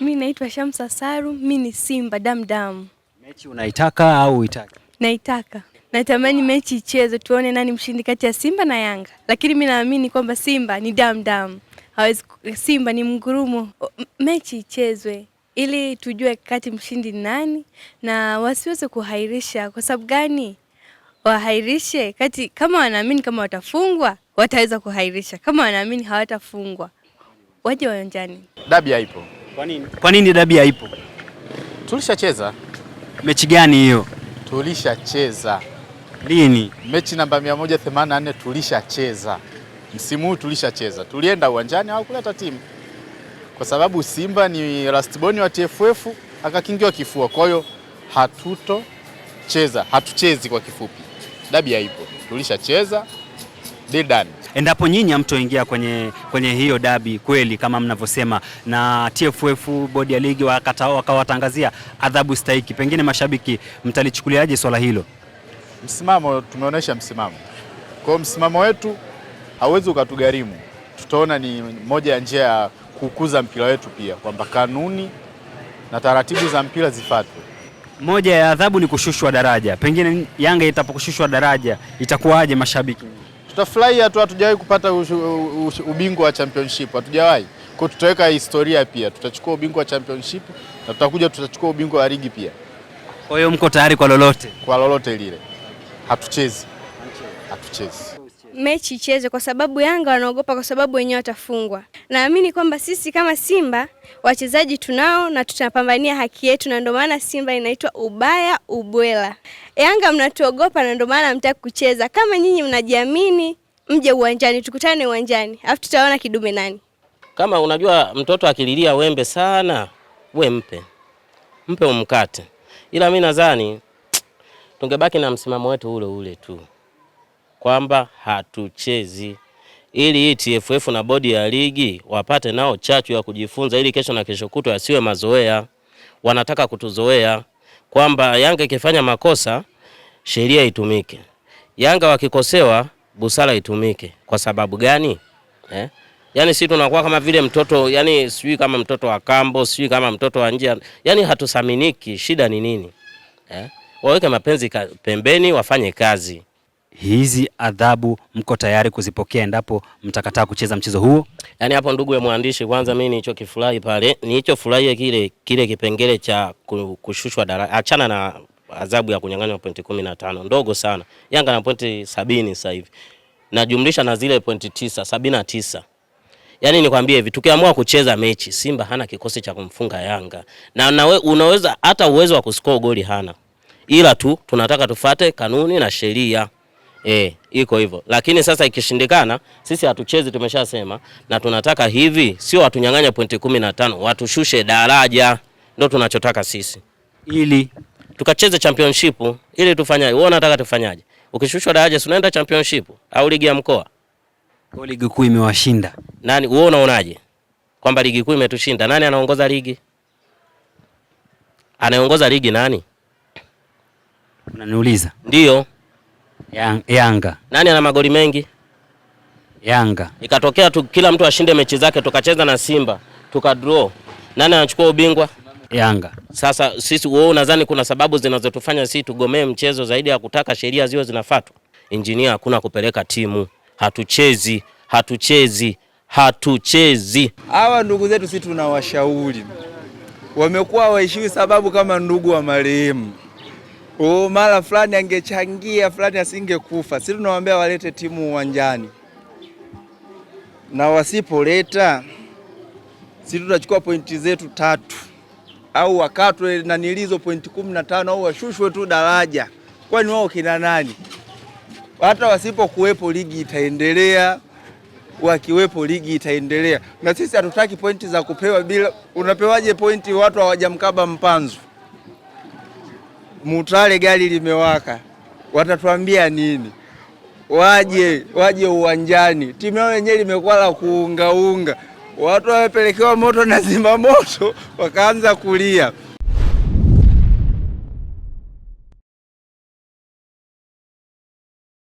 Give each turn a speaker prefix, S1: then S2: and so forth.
S1: Mi naitwa Shamsa Saru, mi ni Simba Damdam.
S2: Mechi unaitaka au uitaki?
S1: Naitaka, natamani mechi ichezwe tuone nani mshindi kati ya Simba na Yanga, lakini mi naamini kwamba Simba ni Damdam, hawezi Simba ni mgurumo. Mechi ichezwe ili tujue kati mshindi ni nani, na wasiweze kuhairisha. Kwa sababu gani wahairishe? Kati kama wanaamini kama watafungwa wataweza kuhairisha, kama wanaamini hawatafungwa waje wanjani.
S3: Dabi haipo.
S4: Kwa nini?
S5: Kwa nini dabi haipo?
S3: Tulishacheza.
S5: Mechi gani hiyo?
S3: Tulishacheza. Lini? Mechi namba 184 tulishacheza. Msimu huu tulishacheza. Tulienda uwanjani au kuleta timu. Kwa sababu Simba ni lastborn wa TFF akakingiwa kifua. Kwa hiyo hatutocheza, hatuchezi kwa kifupi. Dabi haipo. Tulishacheza. Dedani
S5: endapo nyinyi hamtoingia kwenye, kwenye hiyo dabi kweli kama mnavyosema, na TFF bodi ya ligi wakawatangazia adhabu stahiki, pengine mashabiki mtalichukuliaje swala hilo?
S3: Msimamo, tumeonyesha msimamo. Kwa msimamo wetu hauwezi ukatugharimu, tutaona ni moja ya njia ya kukuza mpira wetu pia, kwamba kanuni na taratibu za mpira zifuatwe.
S5: Moja ya adhabu ni kushushwa daraja. Pengine Yanga itapokushushwa daraja itakuwaje mashabiki?
S3: tutafurahi hatu, hatujawahi kupata ubingwa wa championship, hatujawahi kwa, tutaweka historia pia, tutachukua ubingwa wa championship na tutakuja, tutachukua ubingwa wa ligi pia.
S5: Kwa hiyo mko tayari kwa lolote?
S3: Kwa lolote lile, hatuchezi, hatuchezi
S1: mechi icheze, kwa sababu Yanga wanaogopa, kwa sababu wenyewe watafungwa. Naamini kwamba sisi kama Simba wachezaji tunao na tutapambania haki yetu, na ndio maana Simba inaitwa ubaya ubwela. Yanga mnatuogopa na ndio maana mtaki kucheza. Kama nyinyi mnajiamini, mje uwanjani, tukutane uwanjani, afu tutaona kidume nani.
S6: Kama unajua mtoto akililia wembe sana, we mpe mpe umkate, ila mi nadhani tungebaki na msimamo wetu ule ule tu kwamba hatuchezi ili hii e TFF na bodi ya ligi wapate nao chachu ya kujifunza, ili kesho na kesho kutwa asiwe mazoea. Wanataka kutuzoea kwamba Yanga ikifanya makosa sheria itumike, Yanga wakikosewa busara itumike. Kwa sababu gani eh? Yani sisi tunakuwa kama vile mtoto yani, sijui kama mtoto wa kambo, sijui kama mtoto wa njia, yani hatusaminiki. Shida ni nini eh? Waweke mapenzi pembeni, wafanye kazi
S5: hizi adhabu mko tayari kuzipokea endapo mtakataa kucheza mchezo huo?
S6: Yaani hapo, ndugu ya mwandishi, kwanza mimi nilichokifurahi pale, nilichofurahia kile kile kipengele cha kushushwa daraja, achana na adhabu ya kunyang'anywa pointi kumi na tano ndogo sana. Yanga na pointi sabini sasa hivi najumlisha na zile pointi tisa, sabini na tisa. Yaani nikwambie hivi, tukiamua kucheza mechi, Simba hana kikosi cha kumfunga Yanga na, nawe, unaweza hata uwezo wa kuscore goli hana, ila tu tunataka tufate kanuni na sheria. Eh, iko hivyo lakini sasa ikishindikana, sisi hatuchezi, tumeshasema na tunataka hivi, sio watunyang'anya pointi 15, watushushe daraja, ndio tunachotaka sisi, ili tukacheze championship. Ili tufanyaje? Wewe unataka tufanyaje? Ukishushwa daraja, si unaenda championship au ligi ya mkoa
S5: Kwa ligi kuu? Imewashinda
S6: nani? Wewe unaonaje kwamba ligi kuu imetushinda? Nani anaongoza ligi? Anaongoza ligi nani? Unaniuliza? Ndio.
S5: Yang, Yanga.
S6: Nani ana magoli mengi? Yanga. Ikatokea tu kila mtu ashinde mechi zake, tukacheza na Simba tukadraw, nani anachukua ubingwa? Yanga. Sasa sisi, wewe unadhani kuna sababu zinazotufanya sisi tugomee mchezo zaidi ya kutaka sheria ziwe zinafuatwa? Injinia, hakuna kupeleka timu, hatuchezi, hatuchezi, hatuchezi.
S7: Hawa ndugu zetu sisi tunawashauri, wamekuwa waishiwi sababu kama ndugu wa marehemu oh, mara fulani angechangia fulani asingekufa. Sisi tunawaambia walete timu uwanjani, na wasipoleta sisi tutachukua pointi zetu tatu, au wakatwe nanilizo pointi kumi na tano au washushwe tu daraja. Kwani wao kina nani? Hata wasipokuwepo ligi itaendelea, wakiwepo ligi itaendelea, na sisi hatutaki pointi za kupewa bila. Unapewaje pointi watu hawajamkaba mpanzu? mutale gari limewaka, watatuambia nini? Waje waje uwanjani, timu yao yenyewe limekuwa la kuungaunga, watu wamepelekewa moto na zima moto, wakaanza kulia.